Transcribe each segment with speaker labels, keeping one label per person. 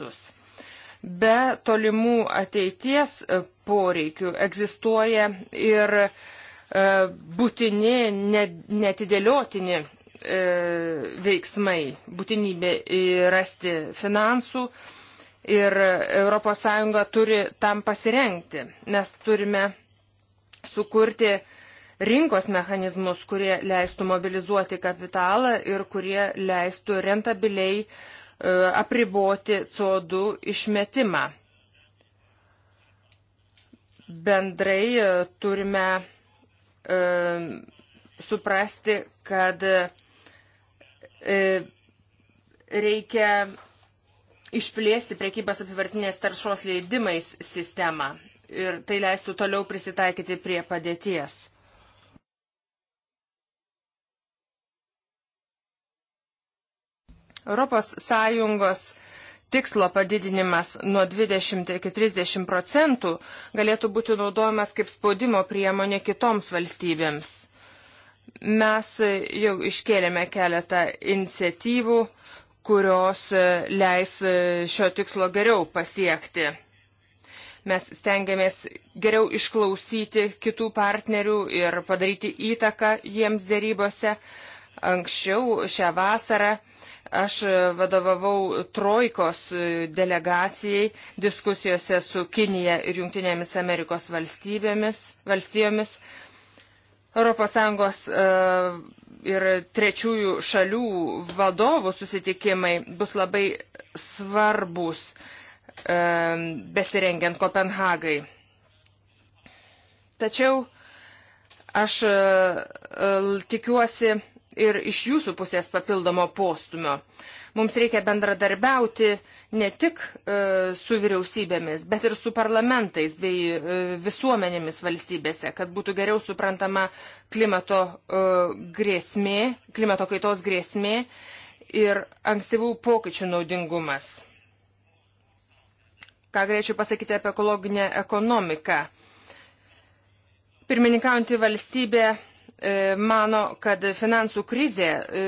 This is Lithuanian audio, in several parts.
Speaker 1: resursus. Be tolimų ateities e, poreikių egzistuoja ir e, būtini, netidėliotini e, veiksmai, būtinybė rasti finansų ir ES turi tam pasirengti. Mes turime sukurti rinkos mechanizmus, kurie leistų mobilizuoti kapitalą ir kurie leistų rentabiliai uh, E, apriboti CO2 išmetimą. Bendrai e, turime e, suprasti, kad reikia išplėsti prekybos apivartinės taršos leidimais sistemą ir tai leistų toliau prisitaikyti prie padėties. ES tikslo padidinimas nuo 20 iki 30 procentų galėtų būti naudojamas kaip spaudimo priemonė kitoms valstybėms. Mes jau iškėlėme keletą iniciatyvų, kurios leis šio tikslo geriau pasiekti. Mes stengiamės geriau išklausyti kitų partnerių ir padaryti įtaką jiems dėrybose. Anksčiau šią vasarą Aš vadovavau Troikos delegacijai diskusijose su Kinija ir Junktinėmis Amerikos valstijomis. ES e, ir trečiųjų šalių vadovų susitikimai bus labai svarbus e, besirengiant Kopenhagai. Tačiau aš e, tikiuosi ir iš jūsų pusės papildomo postumio. Mums reikia bendradarbiauti ne tik e, su vyriausybėmis, bet ir su parlamentais bei e, visuomenėmis valstybėse, kad būtų geriau suprantama klimato, e, grėsmė, klimato kaitos grėsmė ir ankstyvų pokyčių naudingumas. Ką greičiau pasakyti apie ekologinę ekonomiką? Pirmininkaujantį valstybę E, mano, kad finansų krizė e,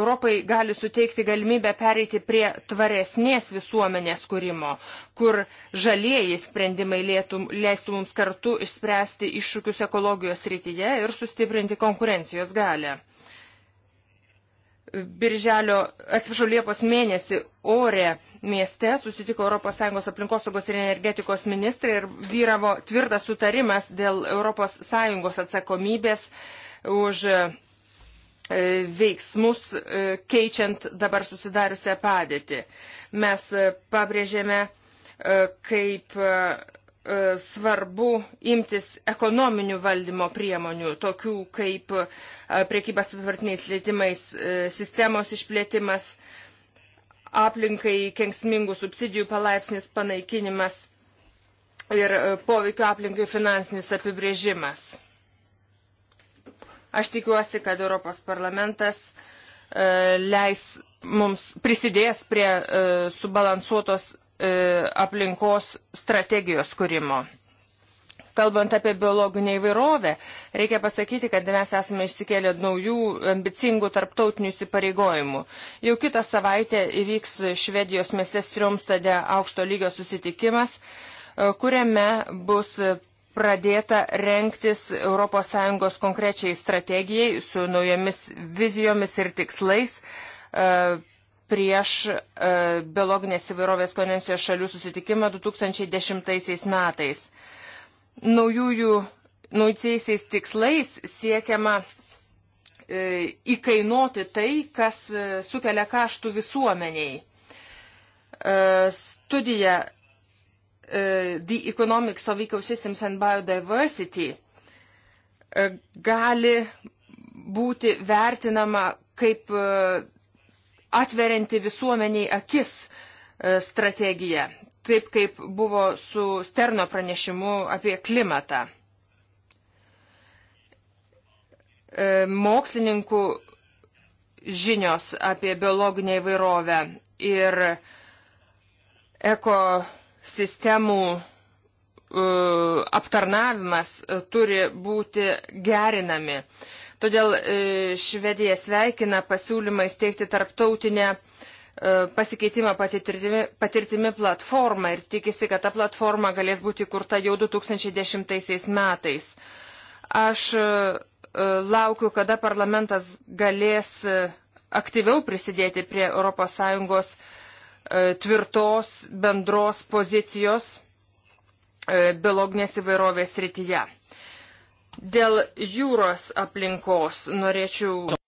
Speaker 1: Europai gali suteikti galimybę pereiti prie tvaresnės visuomenės kūrimo, kur žalieji sprendimai lėtų, leistų mums kartu išspręsti iššūkius ekologijos rytyje ir sustiprinti konkurencijos galę. Birželio, atsiprašau, Liepos mėnesį ore mieste susitiko ES aplinkosaugos ir energetikos ministrai ir vyravo tvirtas sutarimas dėl ES atsakomybės už e, veiksmus e, keičiant dabar susidariusią padėtį. Mes e, pabrėžėme, kaip E, svarbu imtis ekonominių valdymo priemonių, tokių kaip e, priekybas apivartiniais leidimais e, sistemos išplėtimas, aplinkai kenksmingų subsidijų palaipsnis panaikinimas ir poveikio aplinkai finansinis apibrėžimas. Aš tikiuosi, kad Europos parlamentas leis mums prisidės prie subalansuotos E, aplinkos strategijos kūrimo. Kalbant apie biologinę įvairovę, reikia pasakyti, kad mes esame išsikėlę naujų ambicingų tarptautinių įsipareigojimų. Jau kitą savaitę įvyks Švedijos mieste Striomstade aukšto lygio susitikimas, e, kuriame bus pradėta renktis ES konkrečiai strategijai su naujomis vizijomis ir tikslais e, prieš e, biologinės įvairovės konvencijos šalių susitikimą 2010 metais. Naujųjų, naujaisiais tikslais siekiama e, įkainuoti tai, kas e, sukelia kaštų visuomeniai. E, studija e, The Economics of Ecosystems and Biodiversity e, gali būti vertinama kaip e, atverianti visuomeniai akis e, strategija, taip kaip buvo su Sterno pranešimu apie klimatą. E, mokslininkų žinios apie biologinę įvairovę ir ekosistemų e, aptarnavimas turi būti gerinami. Todėl e, Švedija sveikina pasiūlymą įsteigti tarptautinę e, pasikeitimą patirtimi, patirtimi platformą ir tikisi, kad ta platforma galės būti kurta jau 2010 metais. Aš e, laukiu, kada parlamentas galės aktyviau prisidėti prie ES tvirtos bendros pozicijos biologinės įvairovės rytyje. Dėl jūros aplinkos norėčiau